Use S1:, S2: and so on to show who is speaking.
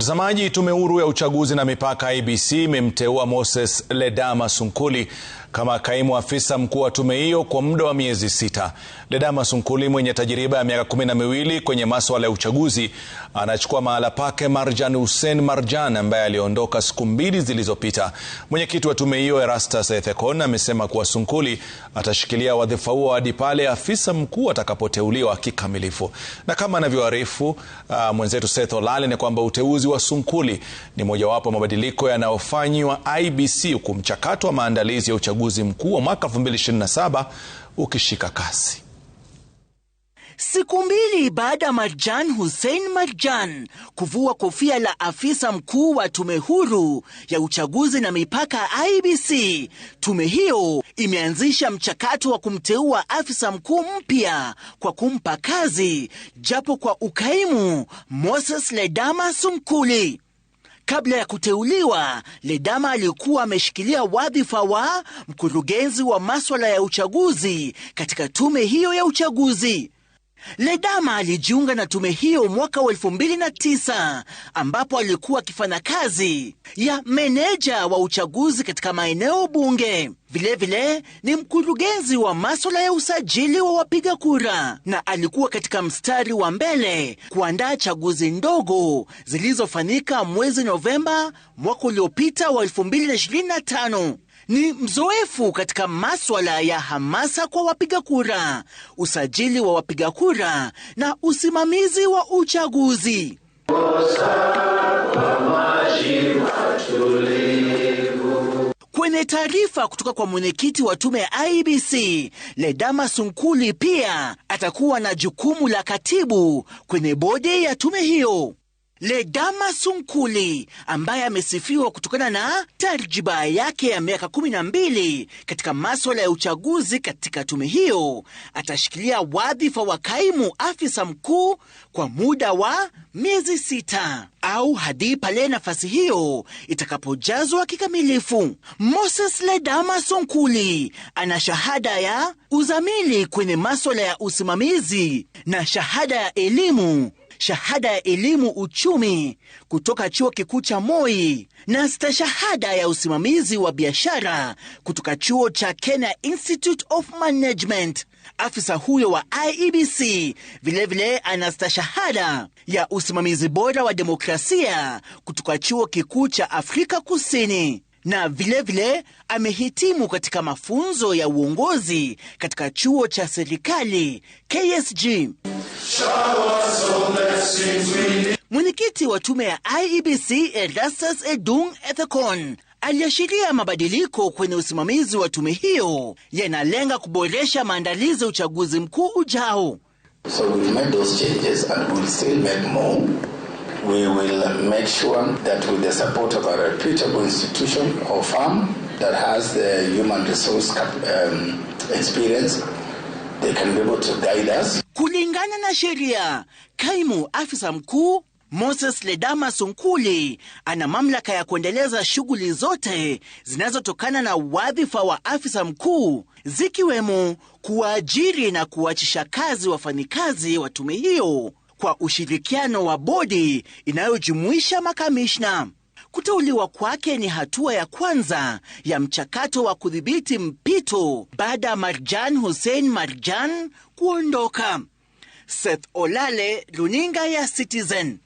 S1: Mtazamaji, Tume Huru ya Uchaguzi na Mipaka IEBC imemteua Moses Ledama Sunkuli kama kaimu afisa mkuu wa tume hiyo kwa muda wa miezi sita. Ledama Sunkuli mwenye tajiriba ya miaka kumi na miwili kwenye maswala ya uchaguzi anachukua mahala pake Marjan Hussein Marjan ambaye aliondoka siku mbili zilizopita. Mwenyekiti wa tume hiyo Erastus Ethekon amesema kuwa Sunkuli atashikilia wadhifa huo hadi pale afisa mkuu atakapoteuliwa kikamilifu, na kama anavyoarifu uh, mwenzetu Seth Olale ni kwamba uteuzi wa Sunkuli ni mojawapo mabadiliko yanayofanywa IEBC huku mchakato wa maandalizi ya uchaguzi mkuu wa mwaka 2027 ukishika kasi.
S2: Siku mbili baada ya Marjan Hussein Marjan kuvua kofia la afisa mkuu wa tume huru ya uchaguzi na mipaka IBC, tume hiyo imeanzisha mchakato wa kumteua afisa mkuu mpya kwa kumpa kazi japo kwa ukaimu Moses Ledama Sumkuli. Kabla ya kuteuliwa, Ledama alikuwa ameshikilia wadhifa wa mkurugenzi wa maswala ya uchaguzi katika tume hiyo ya uchaguzi. Ledama alijiunga na tume hiyo mwaka wa 2009 ambapo alikuwa akifanya kazi ya meneja wa uchaguzi katika maeneo bunge. Vilevile vile, ni mkurugenzi wa masuala ya usajili wa wapiga kura na alikuwa katika mstari wa mbele kuandaa chaguzi ndogo zilizofanyika mwezi Novemba mwaka uliopita wa 2025 ni mzoefu katika maswala ya hamasa kwa wapiga kura, usajili wa wapiga kura na usimamizi wa uchaguzi. Kwenye taarifa kutoka kwa mwenyekiti wa tume ya IBC Ledama Sunkuli, pia atakuwa na jukumu la katibu kwenye bodi ya tume hiyo. Ledama Sunkuli ambaye amesifiwa kutokana na tajriba yake ya miaka 12 katika maswala ya uchaguzi katika tume hiyo, atashikilia wadhifa wa kaimu afisa mkuu kwa muda wa miezi sita au hadi pale nafasi hiyo itakapojazwa kikamilifu. Moses Ledama Sunkuli ana shahada ya uzamili kwenye maswala ya usimamizi na shahada ya elimu shahada ya elimu uchumi kutoka chuo kikuu cha Moi na stashahada ya usimamizi wa biashara kutoka chuo cha Kenya Institute of Management. Afisa huyo wa IEBC vilevile vile ana stashahada ya usimamizi bora wa demokrasia kutoka chuo kikuu cha Afrika Kusini na vilevile vile, amehitimu katika mafunzo ya uongozi katika chuo cha serikali KSG. Mwenyekiti wa tume ya IEBC Erastus Edung Ethekon aliashiria mabadiliko kwenye usimamizi wa tume hiyo yanalenga kuboresha maandalizi ya uchaguzi mkuu ujao.
S3: So we will make sure that with the support of a reputable institution or firm that has the human resource cap, um, experience they can be able to guide us.
S2: Kulingana na sheria, kaimu afisa mkuu Moses Ledama Sunkuli ana mamlaka ya kuendeleza shughuli zote zinazotokana na wadhifa wa afisa mkuu zikiwemo kuwaajiri na kuachisha kazi wafanyikazi wa tume hiyo kwa ushirikiano wa bodi inayojumuisha makamishna. Kuteuliwa kwake ni hatua ya kwanza ya mchakato wa kudhibiti mpito baada ya Marjan Hussein Marjan kuondoka. Seth Olale, runinga ya Citizen.